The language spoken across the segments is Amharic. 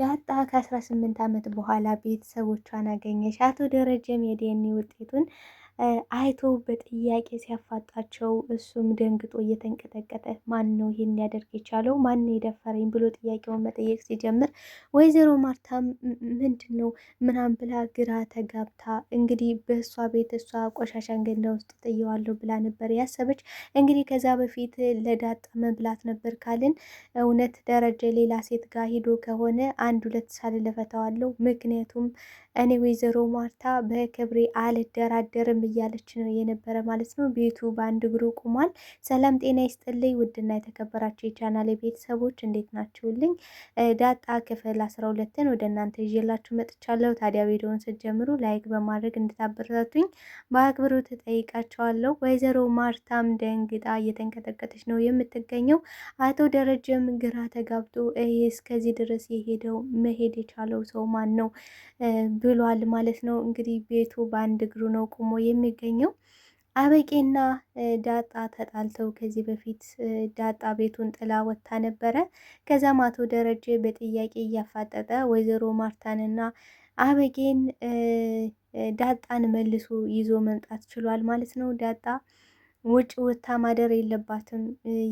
ዳጣ ከ18 ዓመት በኋላ ቤተሰቦቿን አገኘች። አቶ ደረጀም የዲኤንኤ ውጤቱን አይቶ በጥያቄ ሲያፋጣቸው እሱም ደንግጦ እየተንቀጠቀጠ ማን ነው ይህን ሊያደርግ የቻለው ማን የደፈረኝ ብሎ ጥያቄውን መጠየቅ ሲጀምር ወይዘሮ ማርታ ምንድን ነው ምናም ብላ ግራ ተጋብታ እንግዲህ በእሷ ቤት እሷ ቆሻሻን ገንዳ ውስጥ ጥየዋለሁ ብላ ነበር ያሰበች። እንግዲህ ከዛ በፊት ለዳጣ መብላት ነበር ካልን እውነት ደረጀ ሌላ ሴት ጋር ሂዶ ከሆነ አንድ ሁለት ሳልለፈተዋለሁ ምክንያቱም እኔ ወይዘሮ ማርታ በክብሬ አልደራደርም እያለች ነው የነበረ ማለት ነው። ቤቱ በአንድ እግሩ ቁሟል። ሰላም ጤና ይስጥልኝ ውድና የተከበራቸው የቻናል ቤተሰቦች እንዴት ናችሁልኝ? ዳጣ ክፍል አስራ ሁለትን ወደ እናንተ ይዤላችሁ መጥቻለሁ። ታዲያ ቪዲዮውን ስትጀምሩ ላይክ በማድረግ እንድታበረታቱኝ በአክብሮት እጠይቃቸዋለሁ። ወይዘሮ ማርታም ደንግጣ እየተንቀጠቀጠች ነው የምትገኘው። አቶ ደረጀም ግራ ተጋብቶ እስከዚህ ድረስ የሄደው መሄድ የቻለው ሰው ማን ነው ብሏል ማለት ነው። እንግዲህ ቤቱ በአንድ እግሩ ነው ቁሞ የሚገኘው። አበቄና ዳጣ ተጣልተው ከዚህ በፊት ዳጣ ቤቱን ጥላ ወጥታ ነበረ። ከዛም አቶ ደረጀ በጥያቄ እያፋጠጠ ወይዘሮ ማርታንና አበቄን ዳጣን መልሶ ይዞ መምጣት ችሏል ማለት ነው። ዳጣ ውጭ ውታ ማደር የለባትም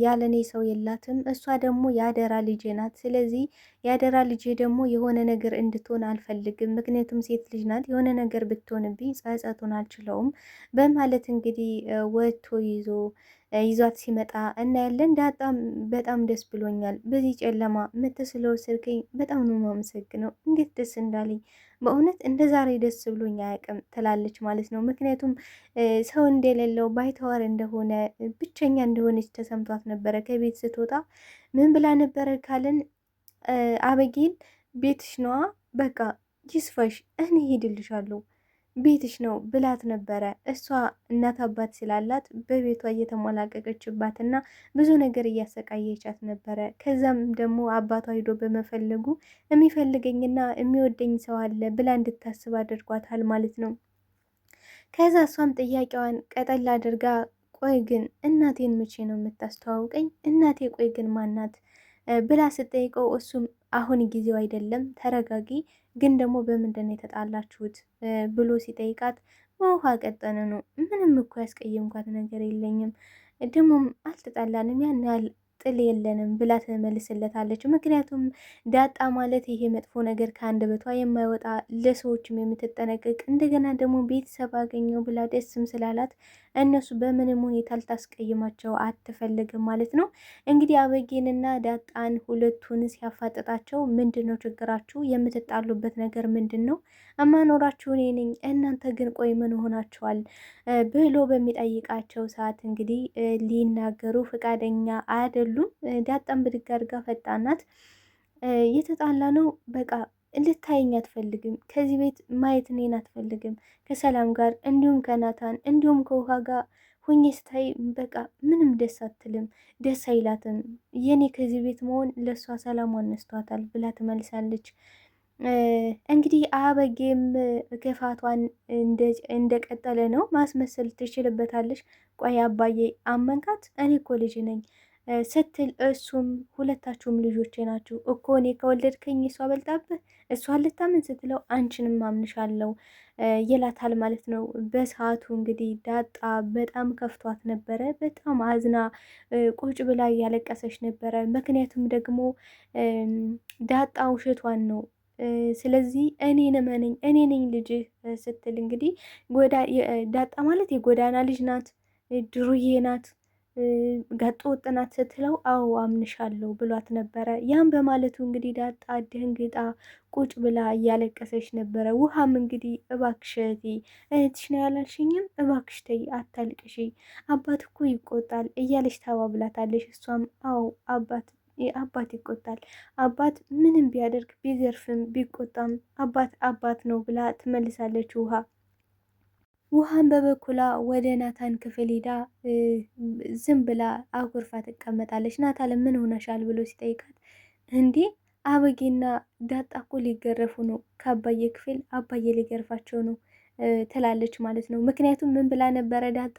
ያለኔ ሰው የላትም። እሷ ደግሞ የአደራ ልጄ ናት። ስለዚህ የአደራ ልጄ ደግሞ የሆነ ነገር እንድትሆን አልፈልግም። ምክንያቱም ሴት ልጅ ናት፣ የሆነ ነገር ብትሆንብኝ ጸጸቱን አልችለውም በማለት እንግዲህ ወጥቶ ይዞ ይዟት ሲመጣ እናያለን። ዳጣም በጣም ደስ ብሎኛል። በዚህ ጨለማ ምትስለው ስልከኝ በጣም ነው የማመሰግነው። እንዴት ደስ እንዳለኝ በእውነት እንደ ዛሬ ደስ ብሎኝ አያውቅም ትላለች ማለት ነው። ምክንያቱም ሰው እንደሌለው ባይተዋር እንደሆነ ብቸኛ እንደሆነች ተሰምቷት ነበረ። ከቤት ስትወጣ ምን ብላ ነበረ ካልን አበጌን ቤትሽ ነዋ፣ በቃ ይስፋሽ፣ እኔ ሄድልሻለሁ ቤትሽ ነው ብላት ነበረ። እሷ እናት አባት ስላላት በቤቷ እየተሞላቀቀችባትና ብዙ ነገር እያሰቃየቻት ነበረ። ከዛም ደግሞ አባቷ ሂዶ በመፈለጉ የሚፈልገኝና የሚወደኝ ሰው አለ ብላ እንድታስብ አድርጓታል ማለት ነው። ከዛ እሷም ጥያቄዋን ቀጠል አድርጋ ቆይ ግን እናቴን መቼ ነው የምታስተዋውቀኝ? እናቴ ቆይ ግን ማናት? ብላ ስጠይቀው እሱም አሁን ጊዜው አይደለም ተረጋጊ፣ ግን ደግሞ በምንድን ነው የተጣላችሁት ብሎ ሲጠይቃት በውሃ ቀጠነ ነው ምንም እኮ ያስቀየምኳት ነገር የለኝም ደግሞም አልተጣላንም ያን ያህል ጥል የለንም ብላ ትመልስለታለች። ምክንያቱም ዳጣ ማለት ይሄ መጥፎ ነገር ከአንደበቷ የማይወጣ ለሰዎችም የምትጠነቀቅ እንደገና ደግሞ ቤተሰብ አገኘው ብላ ደስም ስላላት እነሱ በምንም ሁኔታ ልታስቀይማቸው አትፈልግም ማለት ነው። እንግዲህ አበጌንና ዳጣን ሁለቱን ሲያፋጥጣቸው ምንድን ነው ችግራችሁ? የምትጣሉበት ነገር ምንድን ነው? እማኖራችሁ እኔ ነኝ፣ እናንተ ግን ቆይ ምን ሆናችኋል? ብሎ በሚጠይቃቸው ሰዓት እንግዲህ ሊናገሩ ፈቃደኛ አይደሉም። ዳጣን ብድግ አድርጋ ፈጣናት። የተጣላ ነው በቃ ልታየኝ አትፈልግም። ከዚህ ቤት ማየት እኔን አትፈልግም። ከሰላም ጋር እንዲሁም ከናታን እንዲሁም ከውሃ ጋር ሁኜ ስታይ በቃ ምንም ደስ አትልም፣ ደስ አይላትም። የኔ ከዚህ ቤት መሆን ለእሷ ሰላሟን ነስቷታል ብላ ትመልሳለች። እንግዲህ አበጌም ክፋቷን እንደቀጠለ ነው። ማስመሰል ትችልበታለች። ቆይ አባዬ አመንካት? እኔ እኮ ልጅ ነኝ ስትል እሱም ሁለታችሁም ልጆቼ ናችሁ እኮ እኔ ከወለድከኝ እሷ በልጣብህ እሷን ልታምን ስትለው አንቺንም ማምንሻለው ይላታል ማለት ነው። በሰዓቱ እንግዲህ ዳጣ በጣም ከፍቷት ነበረ። በጣም አዝና ቁጭ ብላ እያለቀሰች ነበረ። ምክንያቱም ደግሞ ዳጣ ውሸቷን ነው ስለዚህ እኔ ነመነኝ እኔ ነኝ ልጅህ ስትል እንግዲህ ዳጣ ማለት የጎዳና ልጅ ናት፣ ድሩዬ ናት ጋጠ ወጥ ናት ስትለው አዎ አምንሻለሁ ብሏት ነበረ። ያም በማለቱ እንግዲህ ዳጣ ደንግጣ ቁጭ ብላ እያለቀሰች ነበረ። ውሃም እንግዲህ እባክሽ እህቴ እህትሽ ነው ያላልሽኝም፣ እባክሽ ተይ አታልቅሽ፣ አባት እኮ ይቆጣል እያለች ታባብላታለች። እሷም አዎ አባት አባት ይቆጣል። አባት ምንም ቢያደርግ ቢዘርፍም ቢቆጣም አባት አባት ነው ብላ ትመልሳለች ውሃ ውሃን በበኩላ ወደ ናታን ክፍል ሄዳ ዝም ብላ አኩርፋ ትቀመጣለች። ናታን ምን ሆነሻል ብሎ ሲጠይቃት እንዴ አበጌና ዳጣ እኮ ሊገረፉ ነው፣ ከአባዬ ክፍል አባዬ ሊገርፋቸው ነው ትላለች ማለት ነው። ምክንያቱም ምን ብላ ነበረ ዳጣ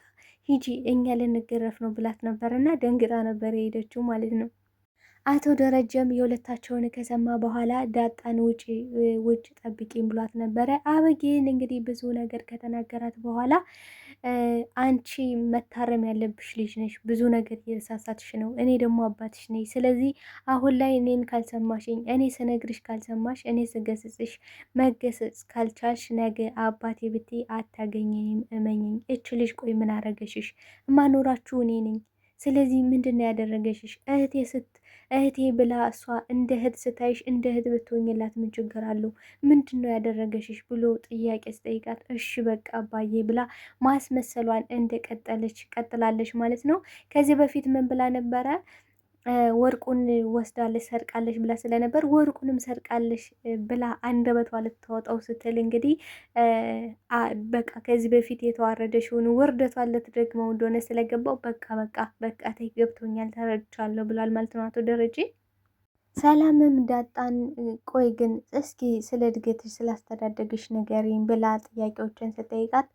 ሂጂ እኛ ልንገረፍ ነው ብላት ነበር እና ደንግጣ ነበር የሄደችው ማለት ነው። አቶ ደረጀም የሁለታቸውን ከሰማ በኋላ ዳጣን ውጭ ውጭ ጠብቂም ብሏት ነበረ። አበጌን እንግዲህ ብዙ ነገር ከተናገራት በኋላ አንቺ መታረም ያለብሽ ልጅ ነሽ፣ ብዙ ነገር እየተሳሳትሽ ነው፣ እኔ ደግሞ አባትሽ ነኝ። ስለዚህ አሁን ላይ እኔን ካልሰማሽኝ፣ እኔ ስነግርሽ ካልሰማሽ፣ እኔ ስገስጽሽ መገሰጽ ካልቻልሽ፣ ነገ አባቴ ብቴ አታገኘኝም። እመኝኝ። እች ልጅ ቆይ ምን አረገሽሽ? እማኖራችሁ እኔ ነኝ ስለዚህ ምንድን ነው ያደረገሽሽ እህቴ ስት እህቴ ብላ እሷ እንደ እህት ስታይሽ እንደ እህት ብትሆኝላት ምን ችግር አለው? ምንድን ነው ያደረገሽሽ ብሎ ጥያቄ ስጠይቃት እሺ በቃ አባዬ ብላ ማስመሰሏን ቀጠለች ቀጥላለች ማለት ነው። ከዚህ በፊት ምን ብላ ነበረ? ወርቁን ወስዳለች ሰርቃለች ብላ ስለነበር ወርቁንም ሰርቃለች ብላ አንደበቷ ልታወጣው ስትል እንግዲህ በቃ ከዚህ በፊት የተዋረደችውን ውርደቷን ልትደግመው እንደሆነ ስለገባው በቃ በቃ በቃ ተይ ገብቶኛል ተረድቻለሁ ብሏል ማለት ነው አቶ ደረጀ። ሰላምም ዳጣን ቆይ ግን እስኪ ስለ እድገትሽ ስላስተዳደግሽ ንገሪኝ ብላ ጥያቄዎችን ስጠይቃት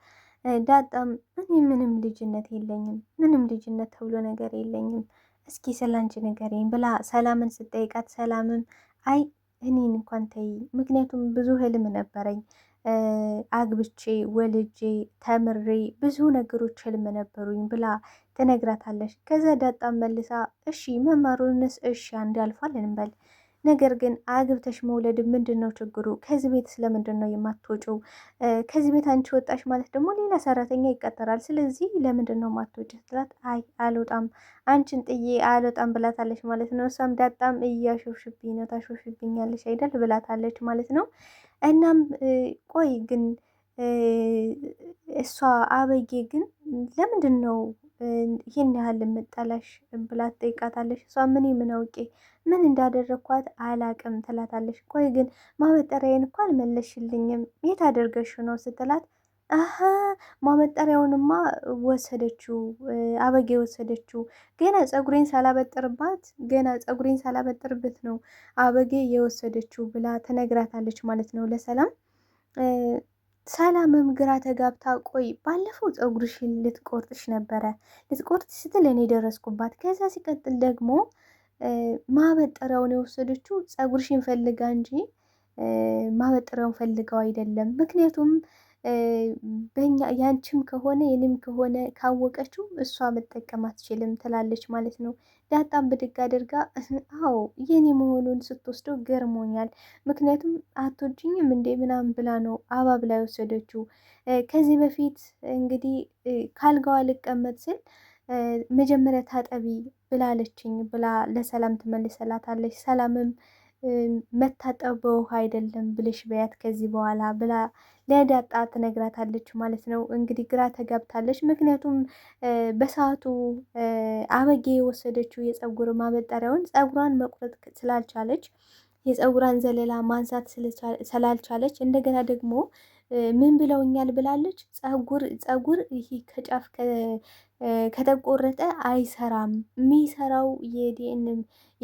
ዳጣም እኔ ምንም ልጅነት የለኝም ምንም ልጅነት ተብሎ ነገር የለኝም እስኪ ስለ ስላንቺ ንገሪኝ ብላ ሰላምን ስጠይቃት ሰላምም አይ እኔን እንኳን ተይ፣ ምክንያቱም ብዙ ህልም ነበረኝ አግብቼ ወልጄ ተምሬ ብዙ ነገሮች ህልም ነበሩኝ ብላ ትነግራታለች። ከዛ ዳጣም መልሳ እሺ መማሩንስ እሺ አንድ ያልፋል እንበል ነገር ግን አግብተሽ መውለድ ምንድን ነው ችግሩ? ከዚህ ቤት ስለምንድን ነው የማትወጪው? ከዚህ ቤት አንቺ ወጣሽ ማለት ደግሞ ሌላ ሰራተኛ ይቀጠራል። ስለዚህ ለምንድን ነው የማትወጪ ስትላት፣ አይ አልወጣም፣ አንቺን ጥዬ አልወጣም ብላታለች ማለት ነው። እሷም ዳጣም እያሾፍሽብኝ ነው፣ አይደል ብላታለች ማለት ነው። እናም ቆይ ግን እሷ አበጌ ግን ለምንድን ነው ይህን ያህል የምጠላሽ ብላ ትጠይቃታለሽ። እሷ ምን ምን አውቄ ምን እንዳደረግኳት አላቅም ትላታለሽ። ቆይ ግን ማበጠሪያዬን እኮ አልመለሽልኝም የት አደርገሽ ነው ስትላት አሀ ማበጠሪያውንማ ወሰደችው አበጌ ወሰደችው። ገና ፀጉሬን ሳላበጥርባት ገና ፀጉሬን ሳላበጥርበት ነው አበጌ የወሰደችው ብላ ተነግራታለች ማለት ነው ለሰላም ሰላምም ግራ ተጋብታ ቆይ ባለፈው ፀጉርሽን ልትቆርጥሽ ነበረ ልትቆርጥ ስትል እኔ ደረስኩባት። ከዛ ሲቀጥል ደግሞ ማበጠሪያውን የወሰደችው ፀጉርሽን ፈልጋ እንጂ ማበጠሪያውን ፈልገው አይደለም። ምክንያቱም በኛ ያንቺም ከሆነ የኔም ከሆነ ካወቀችው እሷ መጠቀም አትችልም ትላለች ማለት ነው። ዳጣም ብድግ አድርጋ አዎ የኔ መሆኑን ስትወስደው ገርሞኛል። ምክንያቱም አትወጂኝም እንዴ ምናምን ብላ ነው አባብ ላይ ወሰደችው። ከዚህ በፊት እንግዲህ ካልጋዋ ልቀመጥ ስል መጀመሪያ ታጠቢ ብላለችኝ ብላ ለሰላም ትመልሰላታለች። ሰላምም መታጠብ በውሃ አይደለም ብልሽ በያት ከዚህ በኋላ ብላ ለዳጣ ትነግራታለች ማለት ነው። እንግዲህ ግራ ተጋብታለች። ምክንያቱም በሰዓቱ አበጌ የወሰደችው የፀጉር ማበጠሪያውን ፀጉሯን መቁረጥ ስላልቻለች የፀጉሯን ዘለላ ማንሳት ስላልቻለች እንደገና ደግሞ ምን ብለውኛል ብላለች። ጸጉር ጸጉር ይሄ ከጫፍ ከተቆረጠ አይሰራም። የሚሰራው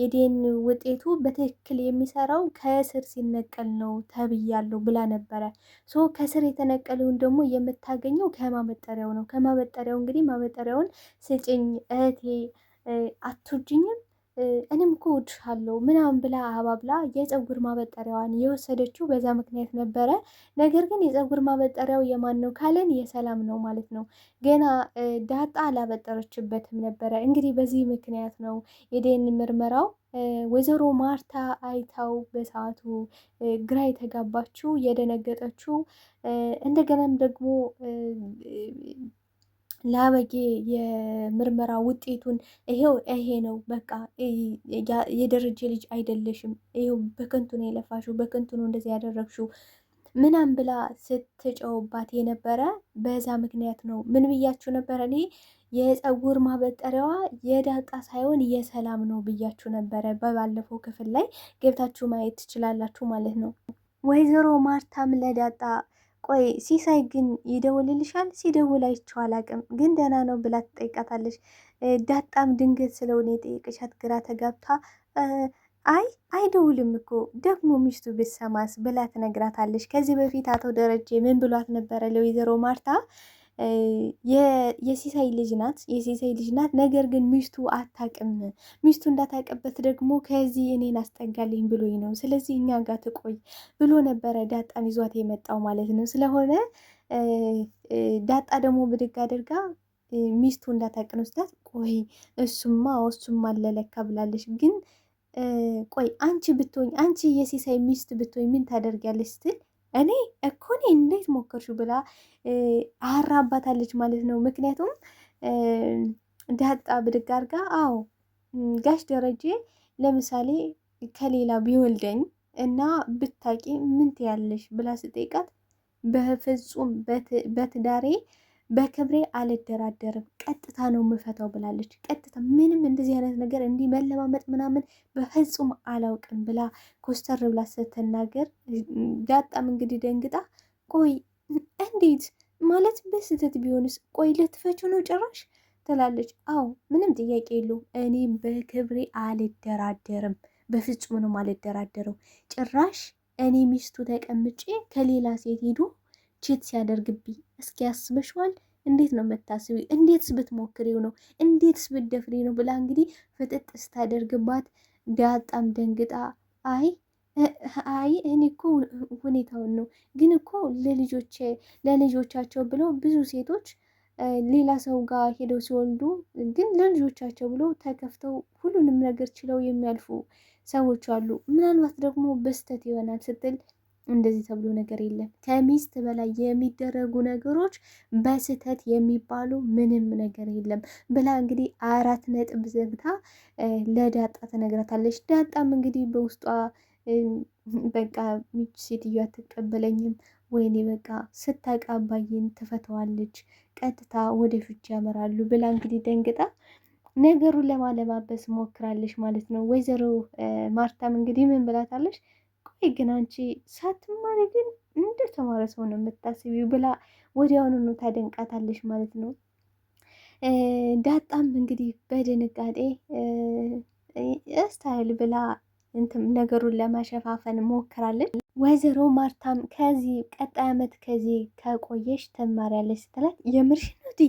የዲኤን ውጤቱ በትክክል የሚሰራው ከስር ሲነቀል ነው ተብያለሁ ብላ ነበረ። ሶ ከስር የተነቀለውን ደግሞ የምታገኘው ከማበጠሪያው ነው። ከማበጠሪያው እንግዲህ ማበጠሪያውን ስጭኝ እህቴ አትወጂኝም እኔም እኮ አለው ምናምን ብላ አባብላ የፀጉር ማበጠሪያዋን የወሰደችው በዛ ምክንያት ነበረ። ነገር ግን የፀጉር ማበጠሪያው የማን ነው ካለን የሰላም ነው ማለት ነው። ገና ዳጣ አላበጠረችበትም ነበረ። እንግዲህ በዚህ ምክንያት ነው የደን ምርመራው ወይዘሮ ማርታ አይታው በሰዓቱ ግራ የተጋባችው የደነገጠችው እንደገናም ደግሞ ለአበጌ የምርመራ ውጤቱን ይሄው ይሄ ነው በቃ የደረጀ ልጅ አይደለሽም፣ ይሄው በከንቱ ነው የለፋሽው፣ በከንቱ ነው እንደዚህ ያደረግሽው ምናም ብላ ስትጨውባት የነበረ በዛ ምክንያት ነው። ምን ብያችሁ ነበረ? እኔ የፀጉር ማበጠሪያዋ የዳጣ ሳይሆን የሰላም ነው ብያችሁ ነበረ። በባለፈው ክፍል ላይ ገብታችሁ ማየት ትችላላችሁ ማለት ነው። ወይዘሮ ማርታም ለዳጣ ቆይ ሲሳይ ግን ይደውልልሻል? ሲደውል አይቼው አላቅም፣ ግን ደህና ነው ብላ ትጠይቃታለች። ዳጣም ድንገት ስለሆነ የጠየቀቻት ግራ ተጋብታ አይ አይደውልም እኮ ደግሞ ሚስቱ ብሰማስ ብላ ትነግራታለች። ከዚህ በፊት አቶ ደረጀ ምን ብሏት ነበረ ለወይዘሮ ማርታ የሲሳይ ልጅ ናት የሲሳይ ልጅ ናት። ነገር ግን ሚስቱ አታቅም። ሚስቱ እንዳታቀበት ደግሞ ከዚህ እኔን አስጠጋልኝ ብሎኝ ነው፣ ስለዚህ እኛ ጋር ትቆይ ብሎ ነበረ ዳጣን ይዟት የመጣው ማለት ነው። ስለሆነ ዳጣ ደግሞ ብድግ አድርጋ ሚስቱ እንዳታቅን ስታት፣ ቆይ እሱማ እሱም አለለካ ብላለች። ግን ቆይ አንቺ ብትሆኝ አንቺ የሲሳይ ሚስት ብትሆኝ ምን ታደርጊያለች ስትል እኔ እኮ እኔ እንዴት ሞከርሹ ብላ አራባታለች ማለት ነው። ምክንያቱም ዳጣ ብድግ አድርጋ አዎ ጋሽ ደረጀ ለምሳሌ ከሌላ ቢወልደኝ እና ብታቂ ምን ትያለሽ ብላ ስጠይቃት በፍጹም በትዳሬ በክብሬ አልደራደርም፣ ቀጥታ ነው የምፈታው ብላለች። ቀጥታ ምንም እንደዚህ አይነት ነገር እንዲህ መለማመጥ ምናምን በፍጹም አላውቅም ብላ ኮስተር ብላ ስትናገር ዳጣም እንግዲህ ደንግጣ ቆይ እንዴት ማለት በስህተት ቢሆንስ? ቆይ ልትፈቹ ነው ጭራሽ ትላለች። አዎ ምንም ጥያቄ የለውም። እኔ በክብሬ አልደራደርም፣ በፍጹም ነው አልደራደረው። ጭራሽ እኔ ሚስቱ ተቀምጬ ከሌላ ሴት ሄዱ ቼት ሲያደርግብኝ እስኪ ያስበሽዋል? እንዴት ነው የምታስቢው? እንዴትስ ብትሞክሪው ነው? እንዴትስ ብትደፍሪው ነው ብላ እንግዲህ ፍጥጥ ስታደርግባት ዳጣም ደንግጣ አይ አይ እኔ እኮ ሁኔታውን ነው ግን እኮ ለልጆቼ ለልጆቻቸው ብለው ብዙ ሴቶች ሌላ ሰው ጋር ሄደው ሲወልዱ ግን ለልጆቻቸው ብለው ተከፍተው ሁሉንም ነገር ችለው የሚያልፉ ሰዎች አሉ። ምናልባት ደግሞ በስተት ይሆናል ስትል እንደዚህ ተብሎ ነገር የለም። ከሚስት በላይ የሚደረጉ ነገሮች በስህተት የሚባሉ ምንም ነገር የለም ብላ እንግዲህ አራት ነጥብ ዘግታ ለዳጣ ትነግራታለች። ዳጣም እንግዲህ በውስጧ በቃ ሚች ሴትዮ አትቀበለኝም፣ ወይኔ በቃ ስታውቅ አባዬን ትፈተዋለች፣ ቀጥታ ወደ ፍች ያመራሉ ብላ እንግዲህ ደንግጣ ነገሩን ለማለባበስ ሞክራለች ማለት ነው። ወይዘሮ ማርታም እንግዲህ ምን ብላታለች? ቆይ ግን አንቺ ሳትማሪ ግን እንደ ተማረ ሰው ነው የምታስቢው ብላ ወዲያውኑ ነው ታደንቃታለሽ ማለት ነው። ዳጣም እንግዲህ በድንጋጤ ስታይል ብላ እንትም ነገሩን ለማሸፋፈን ሞክራለች። ወይዘሮ ማርታም ከዚህ ቀጣይ ዓመት ከዚህ ከቆየሽ ትማሪያለሽ ስትላት የምርሽ ነው ዲ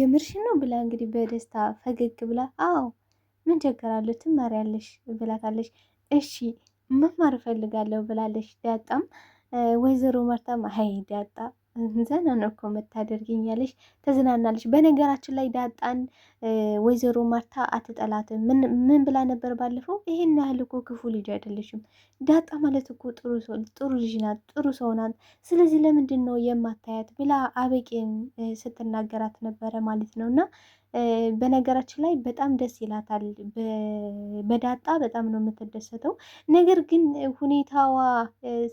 የምርሽ ነው ብላ እንግዲህ በደስታ ፈገግ ብላ አዎ ምን ቸገራለሁ ትማሪያለሽ ብላታለች። እሺ መማር እፈልጋለሁ ብላለች። ዳጣም ወይዘሮ ማርታም ሀይ ዳጣ ዘና ነው እኮ ያለሽ ተዝናናለች። በነገራችን ላይ ዳጣን ወይዘሮ ማርታ አትጠላትም። ምን ብላ ነበር ባለፈው? ይሄን ያህል እኮ ክፉ ልጅ አይደለሽም ዳጣ ማለት እኮ ጥሩ ልጅ ናት፣ ጥሩ ሰው ናት። ስለዚህ ለምንድን ነው የማታያት ብላ አበቄን ስትናገራት ነበረ ማለት ነው እና በነገራችን ላይ በጣም ደስ ይላታል። በዳጣ በጣም ነው የምትደሰተው። ነገር ግን ሁኔታዋ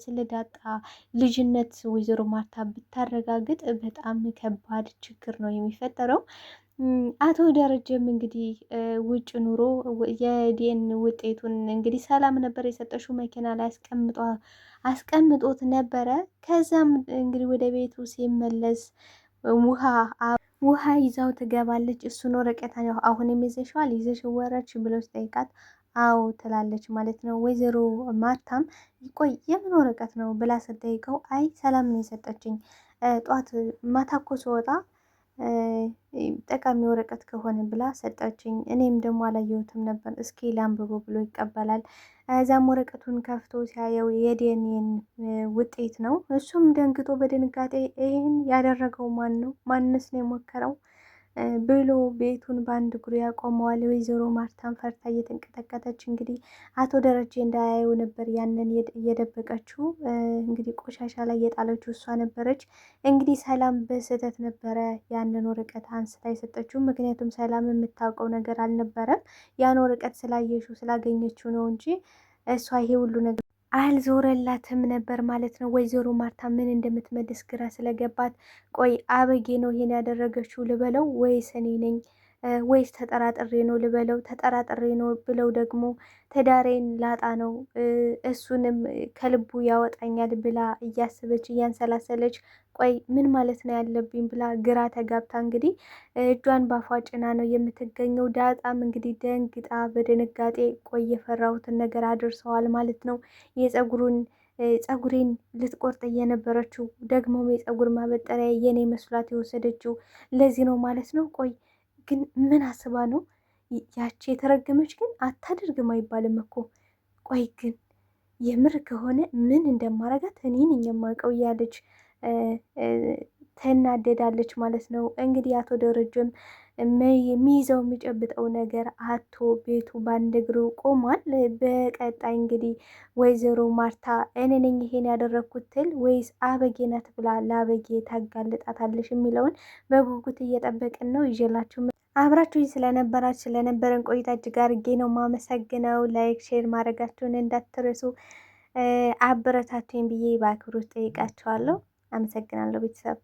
ስለ ዳጣ ልጅነት ወይዘሮ ማርታ ብታረጋግጥ በጣም ከባድ ችግር ነው የሚፈጠረው። አቶ ደረጀም እንግዲህ ውጭ ኑሮ የዲኤን ውጤቱን እንግዲህ ሰላም ነበር የሰጠሽው መኪና ላይ አስቀምጦት ነበረ። ከዛም እንግዲህ ወደ ቤቱ ሲመለስ ውሃ ውሃ ይዛው ትገባለች። እሱን ወረቀት አሁንም ይዘሽዋል ይዘሽ ወረች ብሎ ሲጠይቃት አዎ ትላለች ማለት ነው። ወይዘሮ ማርታም ቆይ የምን ወረቀት ነው ብላ ስትጠይቀው አይ ሰላም ነው የሰጠችኝ ጠዋት ማታ እኮ ስወጣ ጠቃሚ ወረቀት ከሆነ ብላ ሰጠችኝ። እኔም ደግሞ አላየሁትም ነበር እስኪ ላንብቦ ብሎ ይቀበላል። እዛም ወረቀቱን ከፍቶ ሲያየው የዲኤንኤን ውጤት ነው። እሱም ደንግጦ በድንጋጤ ይህን ያደረገው ማን ነው? ማንስ ነው የሞከረው? ብሎ ቤቱን በአንድ እግሩ ያቆመዋል። ወይዘሮ ማርታን ፈርታ እየተንቀጠቀጠች እንግዲህ አቶ ደረጀ እንዳያየው ነበር ያንን እየደበቀችው እንግዲህ ቆሻሻ ላይ የጣለችው እሷ ነበረች። እንግዲህ ሰላም በስህተት ነበረ ያንን ወረቀት አንስታ የሰጠችው፣ ምክንያቱም ሰላም የምታውቀው ነገር አልነበረም። ያን ወረቀት ስላየሹ ስላገኘችው ነው እንጂ እሷ ይሄ ሁሉ ነገር አልዞረላትም ነበር ማለት ነው። ወይዘሮ ማርታ ምን እንደምትመልስ ግራ ስለገባት ቆይ አበጌ ነው ይሄን ያደረገችው ልበለው ወይስ እኔ ነኝ ወይስ ተጠራጥሬ ነው ልበለው? ተጠራጥሬ ነው ብለው ደግሞ ትዳሬን ላጣ ነው እሱንም ከልቡ ያወጣኛል ብላ እያሰበች እያንሰላሰለች፣ ቆይ ምን ማለት ነው ያለብኝ ብላ ግራ ተጋብታ እንግዲህ እጇን ባፏ ጭና ነው የምትገኘው። ዳጣም እንግዲህ ደንግጣ በድንጋጤ ቆይ የፈራሁትን ነገር አድርሰዋል ማለት ነው የጸጉሩን ጸጉሬን ልትቆርጥ እየነበረችው ደግሞም የጸጉር ማበጠሪያ የኔ መስሏት የወሰደችው ለዚህ ነው ማለት ነው ቆይ ግን ምን አስባ ነው? ያቺ የተረገመች ግን አታደርግም አይባልም እኮ። ቆይ ግን የምር ከሆነ ምን እንደማረጋት እኔን ነኝ የማውቀው እያለች ትናደዳለች ማለት ነው። እንግዲህ አቶ ደረጀም የሚይዘው የሚጨብጠው ነገር አቶ ቤቱ በአንድ እግሩ ቆሟል። በቀጣይ እንግዲህ ወይዘሮ ማርታ እኔ ነኝ ይሄን ያደረግኩት ትል ወይስ አበጌ ናት ብላ ለአበጌ ታጋልጣታለች የሚለውን በጉጉት እየጠበቅን ነው ይዤላችሁ አብራችሁኝ ስለነበራችሁ ስለነበረን ቆይታ እጅግ አድርጌ ነው ማመሰግነው። ላይክ ሼር ማድረጋችሁን እንዳትረሱ። አበረታቱኝ ብዬ በአክብሮት ጠይቃችኋለሁ። አመሰግናለሁ ቤተሰብ።